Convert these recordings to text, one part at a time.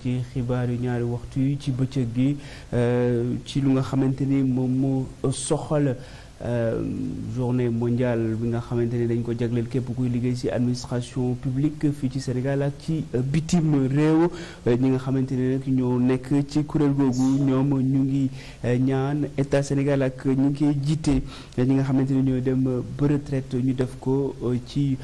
ci xibaar yu ñaari waxtu yi ci bëccëg gi euh, ci li nga xamante ni moom moo soxal Euh, journée mondiale bi nga xamante ne dañ ko jagleel képp kuy liggéey ci administration publique fii ci Sénégal ak ci euh, bitim réew euh, ñi nga xamante ne nag ñoo nekk ci kuréel googu ñoom ñu ngi ñaan état Sénégal ak ñi ngi koy jiite ñi nga xamante ne ñoo dem ba retraite ñu def ko ci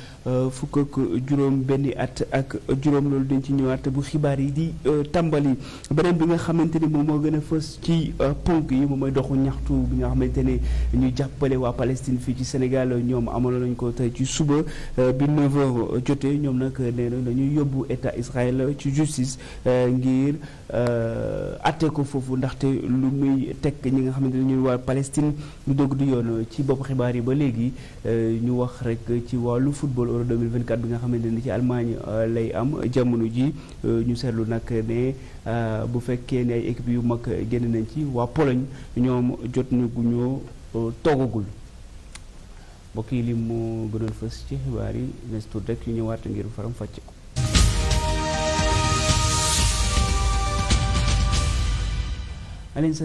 fukk juróom benn at ak juróom loolu dañ ci ñëwaat bu xibaar yi di tàmbali beneen bi nga xamante ni moom moo gën a fës ci ponk yi moom mooy doxu ñaxtu bi nga xamante ne ñuy interpellé waa Palestine fii ci Sénégal ñoom amaloon nañ ko tey ci suba euh, bi 9h jotee ñoom nag nee na dañuy yóbbu état Israël ci justice euh, ngir euh, atte ko foofu ndaxte lu muy tekk ñi nga xamante ne ñuy waa Palestine ñu dogg di yoon ci bopp xibaar yi ba léegi ñu wax rek ci wàllu football euro 2024 bi nga xamante ne ci Allemagne lay am jamono ji ñu seetlu nag ne bu fekkee ne ay équipe yu mag génn nañ ci waa Pologne ñoom jot na guñoo toogagul mbokk yi li mu gënoon fës ci xibaar yi nes tur rek yu ñëwaat ngir faram fàcce ko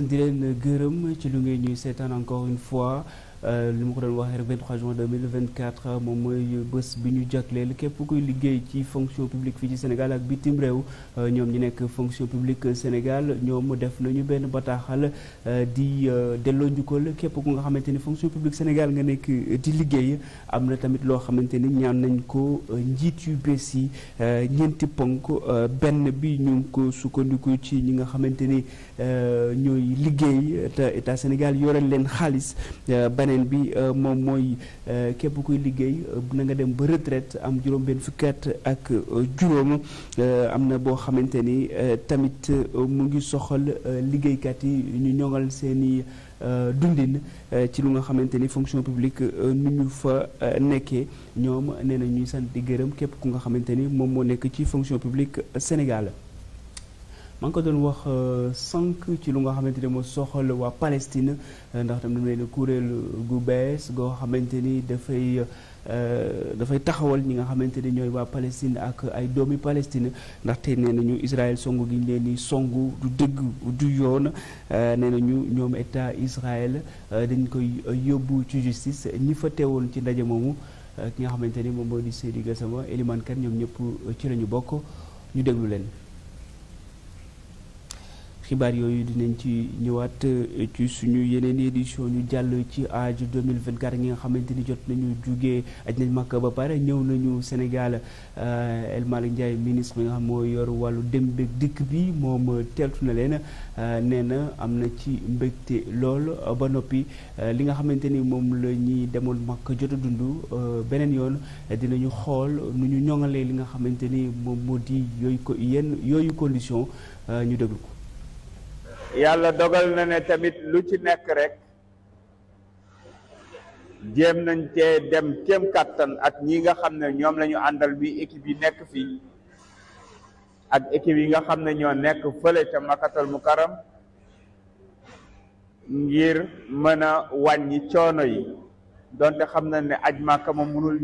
di leen gërëm ci lu ngeen ñuy seetaan encore une fois Euh, li ma ko doon waxee rek 23 juin 2024 euh, moom mooy bés bi ñu jagleel képp kuy liggéey ci fonction publique fii ci Sénégal ak bitim réew euh, ñoom ñi nekk fonction publique Sénégal ñoom def nañu benn bataaxal di delloo njukkal képp ku nga xamante ni fonction publique Sénégal nga nekk di liggéey am na tamit loo xamante ni ñaan nañ ko njiit yu bees yi ñeenti ponk benn bi ñu ko sukkandiku ci ñi nga xamante ni ñooy liggéey te état Sénégal yore leen xaalis beneen beneen bi euh, moom mooy euh, képp kuy liggéey euh, na nga dem ba retraite am juróom benn fukki at ak juróom am na boo xamante ni tamit mu ngi soxal liggéeykat yi ñu ñoŋal seeni dundin ci lu nga xamante ni fonction publique nu ñu fa nekkee ñoom nee na ñuy sant di gërëm képp ku nga xamante ni moom moo nekk ci fonction publique Sénégal maa ngi ko doon wax euh, sànq ci lu nga xamante ne moo soxal waa Palestine euh, ndax tam dañu leen kuréel gu bees goo xamante ni dafay euh, dafay taxawal ñi nga xamante ni ñooy waa Palestine ak ay doomi Palestine ndaxte nee nañu Israël songu gi ñu leen di songu du dëgg du yoon nee nañu ñoom état Israël dañ koy yóbbu ci justice ñi fa teewoon ci ndaje moomu. ki nga xamante ni moom moo di Seydi Gassama Eliman Kane ñoom ñëpp ci la ñu bokk ñu déglu leen. xibaar yooyu dinañ ci ñëwaat euh, ci suñu yeneen édition ñu jàll ci aju 2024 ñi nga xamante ni jot nañu jugee aj nañ màkk ba pare ñëw nañu Sénégal euh, El Malick Ndiaye ministre bi nga xam moo yor wàllu dem beeg dikk bi moom teeltu na leen euh, nee na am na ci mbégte lool ba noppi li nga xamante ni moom la ñuy demoon màkk jot a dund beneen yoon dinañu xool nu ñu ñoŋalee li nga xamante ni moom moo di yooyu ko yenn yooyu condition ñu déglu ko yàlla dogal na ne tamit lu ci nekk rek jéem nañ cee dem kéem kàttan ak ñi nga xam ne ñoom lañu àndal bi équipe yi nekk fii ak ékip yi nga xam ne ñoo nekk fële ca makatal mu karam ngir mën a wàññi coono yi donte xam na ne aj màkka ma mënul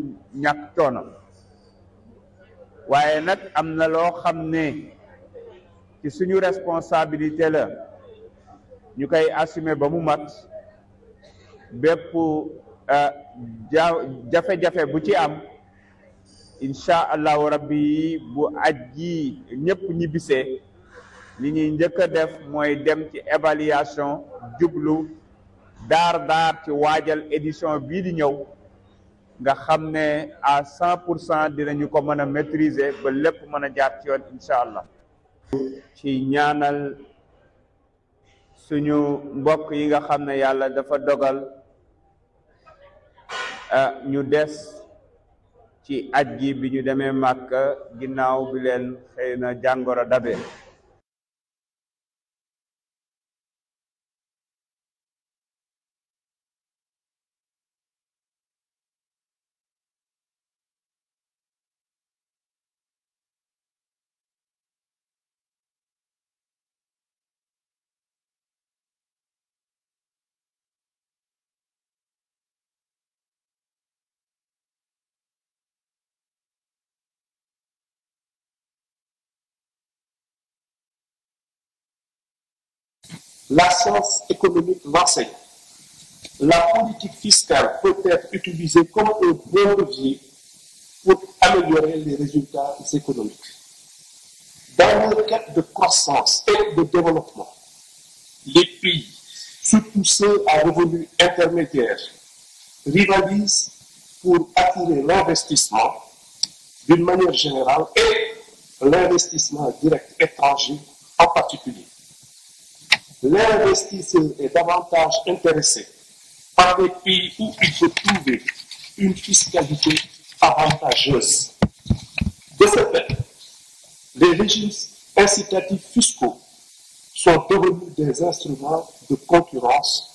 ñàkk coono waaye nag am na loo xam ne ci suñu responsabilité la ñu koy assumer ba mu mat bépp euh, ja jafe-jafe bu ci am incha allahu rabbi bu aj ji ñëpp ñibbisee li ñuy njëkk a def mooy dem ci évaluation jublu daar daar ci waajal édition bii di ñëw nga xam ne à cent pour cent dinañu ko mën a maîtriser ba lépp mën a jaar ci yoon incha allah ci ñaanal suñu mbokk yi nga xam ne yàlla dafa dogal ah, ñu des ci aj gi bi ñu demee màkk ginnaaw bi leen xëy na jàngoro dabe La science économique l'enseigne. La politique fiscale peut être utilisée comme un bon levier pour améliorer les résultats économiques. Dans le cadre de croissance et de développement, les pays, surtout ceux à revenus intermédiaires, rivalisent pour attirer l'investissement d'une manière générale et l'investissement direct étranger en particulier. l'investisseur est davantage intéressé par des pays où il peut trouver une fiscalité avantageuse. De ce fait, les régimes incitatifs fiscaux sont devenus des instruments de concurrence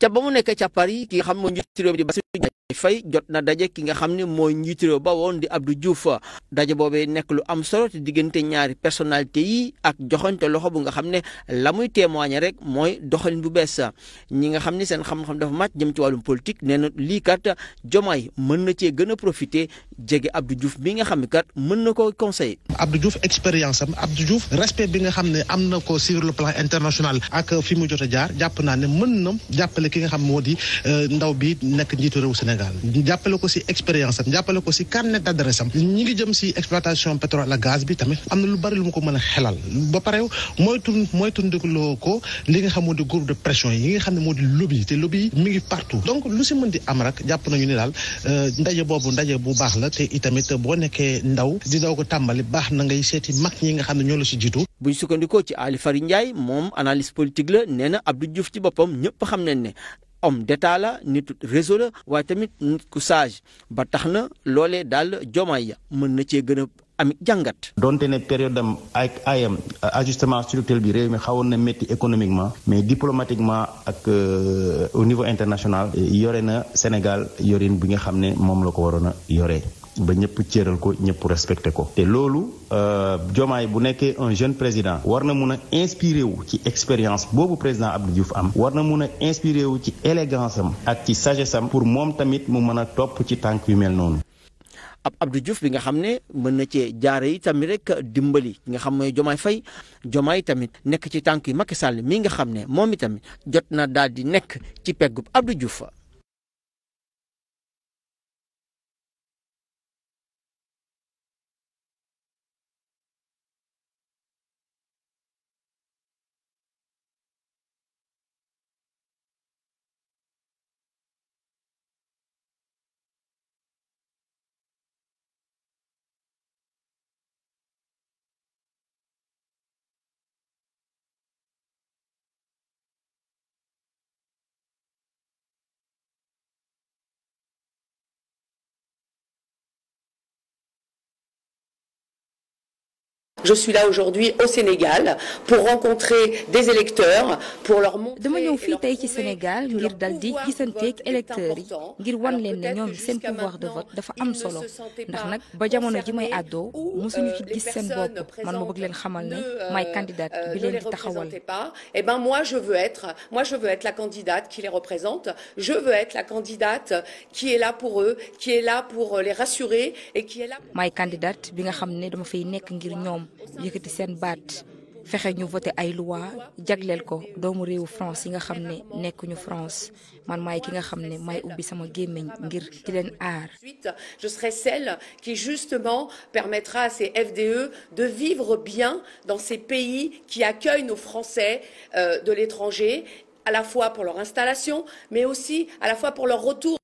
ca ba mu nekk ca Paris ki xam moo njiitu réew mi Faye jot na daje ki nga xam ne mooy njiitu ba woon di Abdou Diouf daje boobee nekk lu am solo te diggante ñaari personnalité yi ak joxante loxo bu nga xam ne la muy témoigner rek mooy doxalin bu bees ñi nga xam ne seen xam-xam dafa màcc jëm ci wàllum politique nee na lii kat Jomaay mën na cee gën a profité jege Abdou Diouf bi nga xam ne kat mën na ko conseiller. Abdou Diouf expérience am Abdou Diouf respect bi nga xam ne am na ko sur le plan international ak fi mu jot a jaar jàpp naa ne mën na jàppale ki nga xam moo di euh, ndaw bi nekk njiitu Sénégal. jàppale ko si expérience am jàppale ko si carnet d' adresse am ñi ngi jëm si exploitation pétrole ak gaz bi tamit am na lu bari lu mu ko mën a xelal ba pare mooy tun mooy tundikloo ko li nga xam moo di de pression yi nga xam ne moo di lobby te lobby mi ngi partout donc lu si mën di am rek jàpp nañu ni daal euh, ndaje boobu ndaje bu baax la te itamit boo nekkee ndaw di daw ko tàmbali baax na ngay seeti mag ñi nga xam ne ñoo la si jiitu buñ sukkandikoo ci Ali Fari Ndiaye moom analyse politique la nee na Abdou Diouf ci boppam ñëpp xam nañ ne homme d'état la nitu réseau la waaye tamit nit ku sage ba tax na loolee daal jomaay ya mën na cee gën a am jàngat. donte ne période am ak ayam ajustement structurel bi réew mi xawoon na métti économiquement mais diplomatiquement ak euh, au niveau international yore na Sénégal yorin bi nga xam ne moom la ko waroon a yoree. ba ñëpp céeral ko ñëpp respecté ko te loolu euh, Diomaye bu nekkee un jeune président war na mun a inspiré wu ci expérience boobu président Abdou Diouf am war na mun a inspiré wu ci élégance am ak ci sagesse am pour moom tamit mu mën a topp ci tànk yu mel noonu. ab Abdou Diouf bi nga xam ne mën na cee jaare yi tamit rek dimbali nga xam mooy Diomaye Faye Diomaye tamit nekk ci tànk yi Macky Sall mi nga xam ne moom itamit jot na daal di nekk ci peggub Abdou Diouf. je suis là aujourd'hui au Sénégal pour rencontrer des électeurs pour leur montrer. dama ñëw fii tey ci Sénégal ngir dal di gisanteeg électeurs yi ngir wan leen ne ñoom seen pouvoir de vote dafa am solo ndax nag ba jamono ji may àddoo euh, mosuñu ci gis seen bopp man ma bëgg leen xamal ne euh, maay candidate euh, bi leen di taxawal. eh ben moi je veux être moi je veux être la candidate qui les représente je veux être la candidate qui est là pour eux qui est là pour les rassurer et qui est là. bi nga xam ne dama fay nekk ngir ñoom. yëkkati seen baat fexe ñu voté ay loi jagleel ko doomu réewu France yi nga xam ne nekkuñu France man maay ki nga xam ne may ubbi sama gémmiñ ngir ki leen aar. ensuite je serai celle qui justement permettra à ces FDE de vivre bien dans ces pays qui accueillent nos Français euh, de l'étranger à la fois pour leur installation mais aussi à la fois pour leur retour.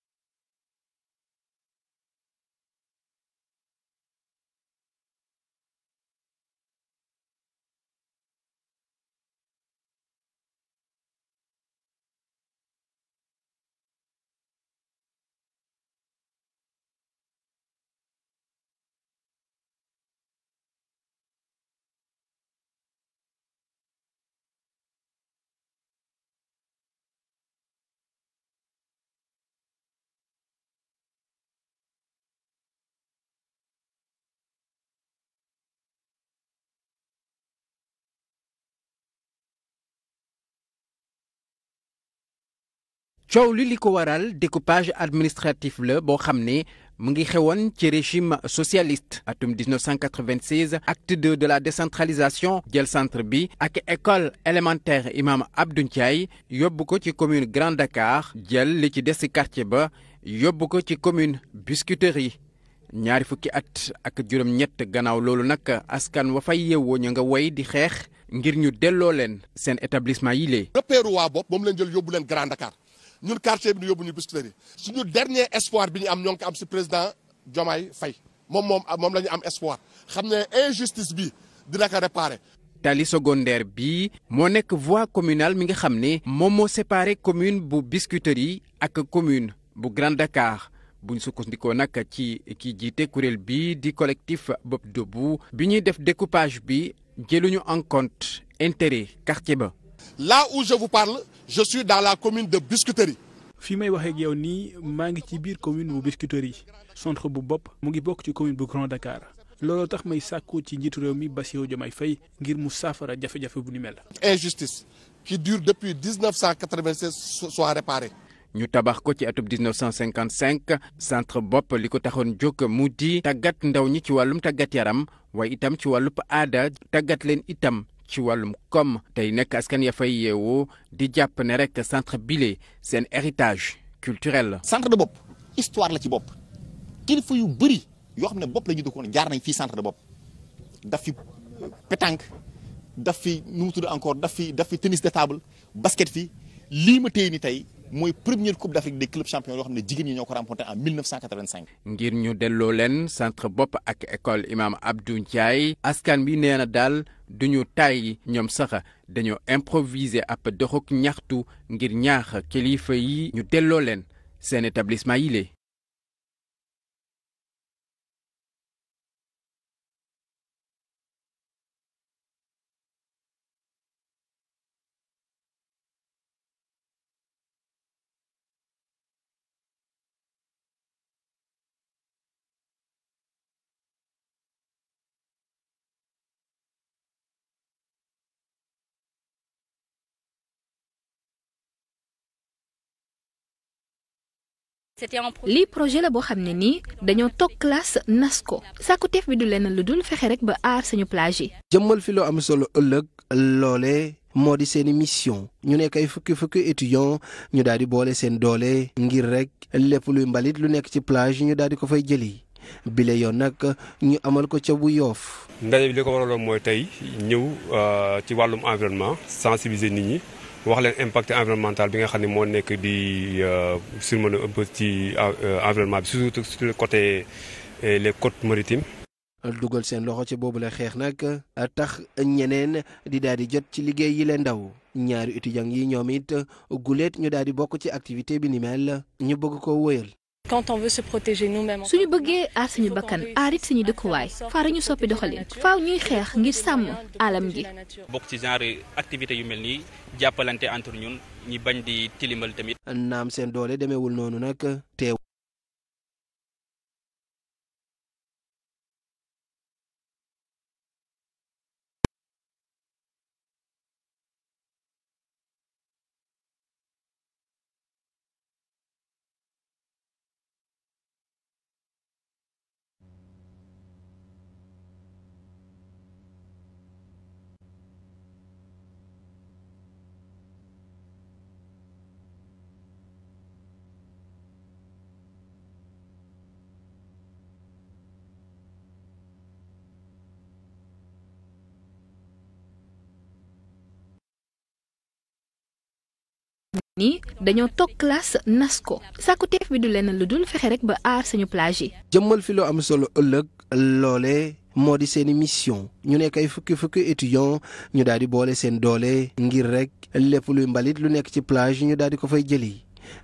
coow li li ko waral découpage administratif la boo xam ne mu ngi xewoon ci régime socialiste atum 1996 acte 2 de la décentralisation jël centre bi ak école élémentaire imam Abdou Ndiaye yóbbu ko ci commune Grand Dakar jël li ci des ci quartier ba yóbbu ko ci commune Biscuiterie ñaari fukki at ak juróom-ñett gannaaw loolu nag askan wa fay yeewoo ñu nga woy di xeex ngir ñu delloo leen seen établissement yi lee repéeru waa bopp moom leen jël yóbbu leen Grand Dakar ñun quartier bi ñu yóbbu ñu biscuiterie suñu dernier espoir bi ñu am ñoo ngi ko am si président Diomaye Faye moom moom moom la am espoir xam ne injustice bi dina ko réparer. tali secondaire bi moo nekk voie communale mi nga xam ni moom moo séparé commune bu biscuiterie ak commune bu Grand Dakar buñ sukkandikoo nag ci kii jiite kuréel bi di collectif Bopp Debout bi ñuy def découpage bi jëluñu en compte intérêt quartier ba. je suis la commune de Biscuiterie. fi may waxee ak yow nii maa ngi ci biir commune bu Biscuiterie centre bu bopp mu ngi bokk ci commune bu Grand Dakar looloo tax may sàkku ci njiitu réew mi Bassirou Diomaye Faye ngir mu saafara jafe-jafe bu ni mel. injustice qui dure depuis 1996 soit réparée. ñu tabax ko ci atub 1955 centre bopp li ko taxoon jóg mu di tàggat ndaw ñi ci wàllum tàggat yaram waaye itam ci wàllub aada tàggat leen itam ci wàllum koom tey nekk askan ya fay yeewoo di jàpp ne rek centre bile seen héritage culturel la. centre de bopp histoire la ci bopp kilifa yu bëri yoo xam ne bopp la ñu dëkkoon jaar nañ fii centre de bopp daf fi euh, pétanque daf fi nu mu tudd encore daf fi daf fi tennis de table basket fi lii ma téye ni tey mooy première coupe d'Afrique des clubs champions xam ne jigéen ñi ñoo ko remporté en ngir ñu delloo leen centre bopp ak école imaam Abdou Ndiaye askan bi nee na daal duñu tàyyi ñoom sax dañoo improviser ab doxuk ñaxtu ngir ñaax kilifa yi ñu delloo leen seen établissement yi lee lii projet la boo xam ne nii dañoo toog classe nas ko sàkkuteef bi du lenn lu dul fexe rek ba aar suñu plage yi. jëmmal fi loo am solo ëllëg loole moo di seen mission ñu nekk ay fukki fukki étudiants ñu daal di boole seen doole ngir rek lépp luy mbalit lu nekk ci plage ñu daal di ko fay jëli bile yoon nag ñu amal ko ca bu yoof nga ko waraloon mooy tey ñëw euh, ci wàllum environnement sensibiliser nit ñi. wax leen impact environnemental bi nga xam ne moo nekk di euh, surmené un peu ci euh, environnement bi surtout sur le côté euh, les côtes maritimes. dugal seen loxo ci boobu la xeex nag tax ñeneen di daal di jot ci liggéey yi leen ndaw ñaari étudiants yi ñoom it guleet ñu daal di bokk ci activité bi ni mel ñu bëgg ko woyal quand on veut se protéger suñu bëggee aar suñu bakkan aar it suñu dëkkuwaay faaw ñu soppi doxalin faaw ñuy xeex ngir sàmm alam gi. bokk ci genre activité yu mel nii jàppalante entre ñun ñi bañ di tilimal tamit. naam seen doole demeewul noonu nag teew. nii dañoo toog classe nas ko sàkkuteef bi du lenn lu dul fexe rek ba aar suñu plage yi. jëmmal fi lu am solo ëllëg loole moo di seen mission ñu nekk ay fukki fukki étudiants ñu daal di boole seen doole ngir rek lépp luy mbalit lu nekk ci yu ñu daal di ko fay jël yi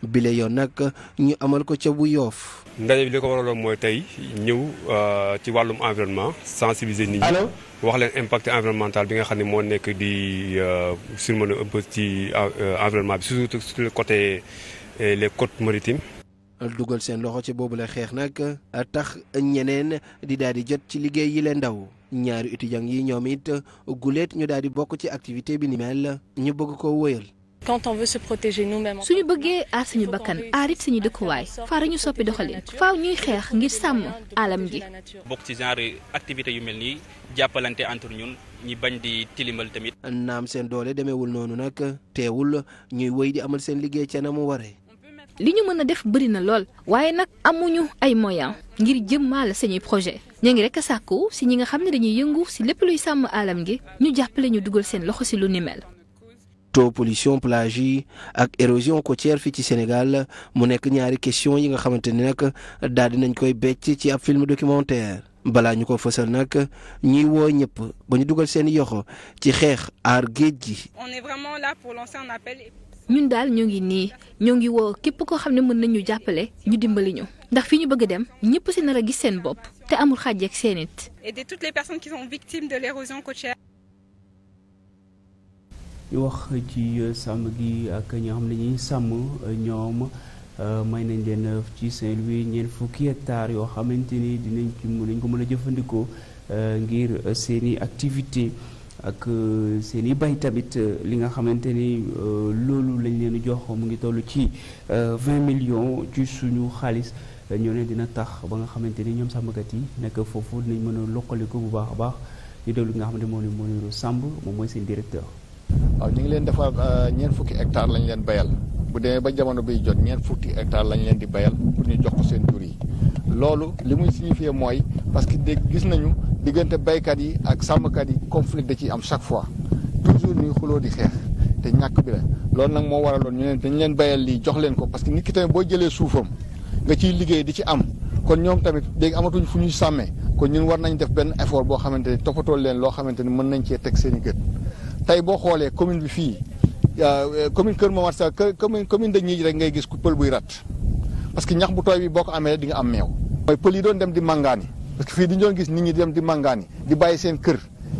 bile yoon nag ñu amal ko ca bu yoof ndaje bi li ko waraloon mooy tey ñëw euh, ci wàllum environnement sensibiliser nit ñi wax leen impact environnemental bi nga xam ne moo nekk di euh, surmené un peu ci euh, environnement bi surtout sur le côté les côtes maritimes dugal seen loxo ci boobu la xeex nag tax ñeneen di daal di jot ci liggéey yi leen ndaw ñaari étudiants yi ñoom it guleet ñu daal di bokk ci activité bi ni mel ñu bëgg ko woyal quand on veut se protéger nous suñu bëggee aar suñu bakkan aar it suñu dëkkuwaay faaw ñu soppi doxalin faaw ñuy xeex ngir sàmm alam gi. bokk ci genre activité yu mel nii jàppalante entre ñun ñi bañ di tilimal tamit. naam seen doole demeewul noonu nag teewul ñuy woy di amal seen liggéey ca na mu waree. li ñu mën a def bëri na lool waaye nag amuñu ay moyens ngir jëmmaale seeni projet ñu ngi rek a sàkku si ñi nga xam ne dañuy yëngu si lépp luy sàmm alam gi ñu jàppale ñu dugal seen loxo si lu ni to pollution plage yi ak érosion côtière fii ci Sénégal mu nekk ñaari question yi nga xamante ni nag daal dinañ koy becc ci ab film documentaire balaa ñu ko fësal nag ñuy woo ñëpp ba ñu dugal seen yoxo ci xeex aar géej gi. On est ñun daal ñu ngi nii ñoo ngi woo képp koo xam ne mën nañu jàppale ñu dimbali ñu ndax fi ñu bëgg dem ñëpp si nar a gis seen bopp te amul xàjj ak seen ñu wax ci euh, sàmm gi ak ñoo xam ne ñuy sàmm euh, ñoom euh, may nañ leen ci Saint-Louis ñeent fukki hectares yoo xamante ni dinañ ci dinañ ko mën a jëfandikoo ngir seeni activité ak seeni bay tamit li nga xamante ni loolu lañu leen jox mu ngi toll ci 20 millions ci suñu xaalis. ñoo ne dina tax ba nga xamante ni ñoom sàmmkat yi nekk foofu dinañ mën a lokkaliku bu baax a baax ñu déglu nga xamante moo ne moo ne Samb moom mooy seen directeur. waaw ñu ngi leen defar euh, ñeent fukki hectares lañ leen bayal bu demee ba jamono biy jot ñeent fukki hectares lañ leen di bayal pour ñu jox ko seen jur yi loolu li muy signifié mooy parce que dégg gis nañu diggante baykat yi ak sàmm kat yi conflit da ciy am chaque fois toujours ñuy xuloo di xeex te ñàkk bi la loolu nag moo waraloon ñu leen leen bayal lii jox leen ko parce que nit ki tamit boo jëlee suufam nga ciy liggéey di ci am kon ñoom tamit léegi amatuñ fu ñuy sàmmee kon ñun war nañ def benn effort boo xamante ni toppatoo leen loo xamante ni mën nañ cee teg seen i tey boo xoolee commune bi fii euh, euh, commune Kër Momar Sarr commune commune de Ñiij rek ngay gis ku pël buy rat parce que ñax bu tooy bi boo ko amee di nga am meew. mooy pël yi doon dem di màngaani parce que fii di doon gis nit ñi di dem di màngaani di bàyyi seen kër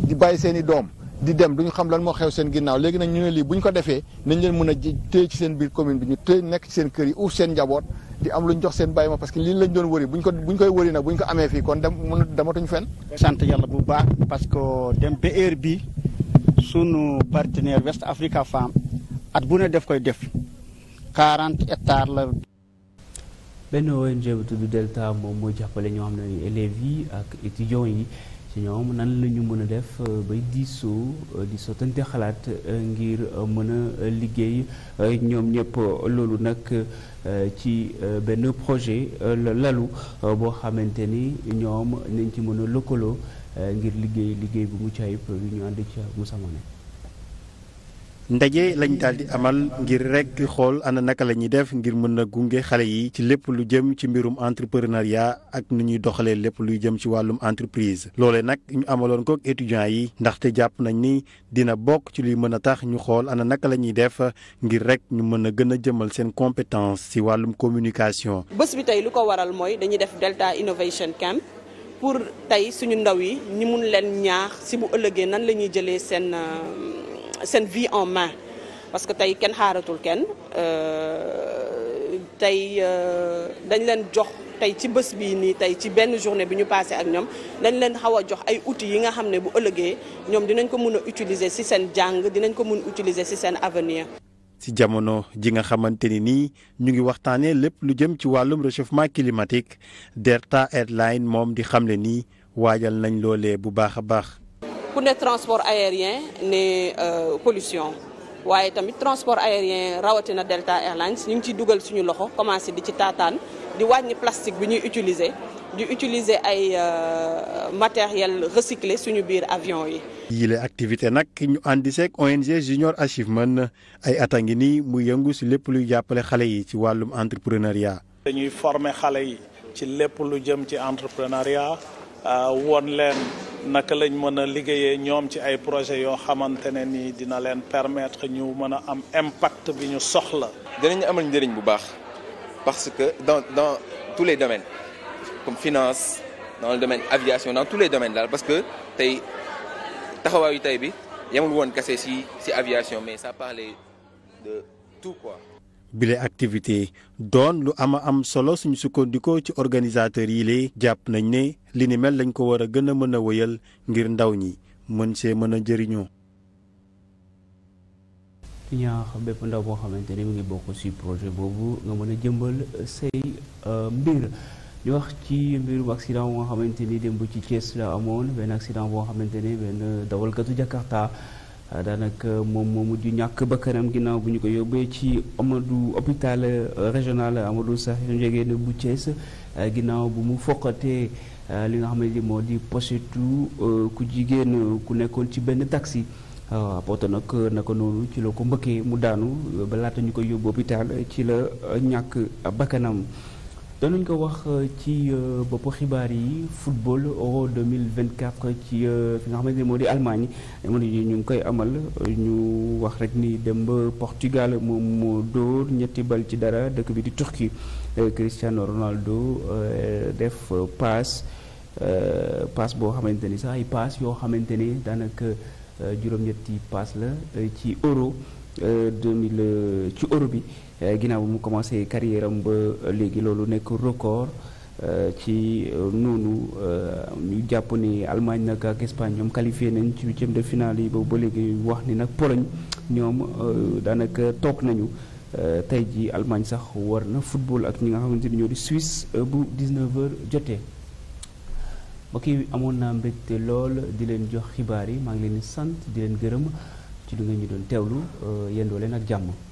di bàyyi seen i doom di dem ñu xam lan moo xew seen ginnaaw léegi nag ñu ne lii bu ñu ko defee nañ leen mën a téye ci seen biir commune bi ñu téye nekk ci seen kër yi uuf seen njaboot di am lu ñu jox seen bàyyi ma que lii lañ doon wëri ko buñ koy wëri nag buñ ko amee fii kon que dem ba sunu partenaire West Africa Farm at bu ne def koy def quarante hectares la. benn ONG bu tudd Delta moom mooy jàppale ñoo xam ne élèves yi ak étudiants yi ci ñoom nan la ñu mën a def euh, bay diisoo euh, di sottante xalaat euh, ngir mën a liggéey ñoom ñëpp loolu nag ci benn projet lalu boo xamante ni ñoom nañ ci mën a lëkkaloo. Euh, ngir liggéey liggéey bu mucc ayib yu ñu ndaje lañ daal amal ngir rek xool ana naka la ñuy def ngir mën a gunge xale yi ci lépp lu jëm ci mbirum entrepreneuriat ak ni ñuy doxalee lépp luy jëm ci wàllum entreprise loole nag ñu amaloon ko ak étudiants yi ndaxte jàpp nañ ni dina bokk ci luy mën a tax ñu xool ana naka la ñuy def ngir rek ñu mën a gën a jëmal seen compétence ci wàllum communication. bés bi tey lu ko waral mooy dañuy def Delta Innovation Camp. pour tey suñu ndaw yi ñi mun leen ñaax si bu ëllëgee nan la ñuy jëlee seen euh, seen vie en main parce que tey kenn xaaratul kenn euh, tey euh, dañ leen jox tey ci bës bii nii tey ci benn journée bi ñu passé ak ñoom dañ leen xaw a jox ay outils yi nga xam ne bu ëllëgee ñoom dinañ ko mun a utiliser si seen jàng dinañ ko mun utiliser si seen avenir ci jamono ji nga xamante ni nii ñu ngi waxtaanee lépp lu jëm ci wàllum réchauffement climatique Delta Airlines moom di xamle nii waajal nañ loolee bu baax a baax. ku ne transport aérien ne euh, pollution waaye tamit transport aérien rawatina Delta Airlines ñu ngi ciy dugal suñu loxo commencé di ci taataan di wàññi plastique bi ñuy utiliser di utiliser ay euh, matériel recyclé suñu biir avion yi. yile activité nag ñu àndi seeg ONG Junior Achievement ay at a ngi nii mu yëngu si lépp luy jàppale xale yi ci wàllum entrepreneuriat. dañuy former xale yi ci lépp lu jëm ci entrepreneuriat euh, woon leen naka lañ mën a liggéeyee ñoom ci ay projet yoo xamante ne nii dina leen permettre ñu mën a am impact bi ñu soxla. dinañ amal njëriñ bu baax parce que dans dans tous les domaines comme finance dans le domaine aviation dans tous les domaines daal parce que tey. taxawaayu tey bi yamul woon kese ci ci aviation mais ça parlait de tout quoi. bile activité doon lu ama am solo suñu sukkandikoo ci organisateurs yi lee jàpp nañ ne li ni mel lañ ko war a gën a mën a wëyal ngir ndaw ñi mën see mën a jëriñoo. ñaax bépp ndaw boo xamante ni bokk ci projet boobu nga mën a jëmbal say euh, mbir. ñu wax ci mbirum accident bu nga xamante dem bu ci Thiès la amoon benn accident boo xamante ni benn dawalkatu Jakarta euh, daanaka moom moo mujj ñàkk bakkanam ginnaaw bu ñu ko yóbbee ci Amadou hôpital euh, régional Amadou Sakhir Ndiéguène bu Thiès euh, ginnaaw bu mu foqatee li nga xamante ni moo di pochetu ku jigéen ku nekkoon ci benn taxi apporte nag naka noonu ci la ko mbëkkee mu daanu ba laata ñu ko yóbbu hôpital ci la ñàkk bakkanam danañ ko wax euh, ci euh, bopp xibaar yi football euro 2024 ci euh, fi nga xamante ne moo di Allemagne jamono ji ñu ngi koy amal ñu wax rek nii dem ba Portugal moom moo dóor ñetti bal ci dara dëkk bi di Turquie Cristiano Ronaldo def passe passe boo xamante ni sax ay passe yoo xamante ni daanaka juróom-ñetti passe la ci euro 2000 ci euro bi. Eh, ginnaaw bu mu commencé carrière ba léegi loolu nekk record eh, ci eh, noonu ñu jàpp ne Allemagne nag ak Espagne ñoom qualifié nañ ci huitième de finale yi boobu ba léegi wax ni nag Pologne ñoom daanaka toog nañu tey ji Allemagne sax war na football ak ñi nga xamante ni ñoo di Suisse bu 19h jotee. mbokk yi amoon naa mbégte lool di leen jox xibaar yi maa ngi leen di sant di leen gërëm ci li nga ñu doon teewlu yendoo leen ak jàmm.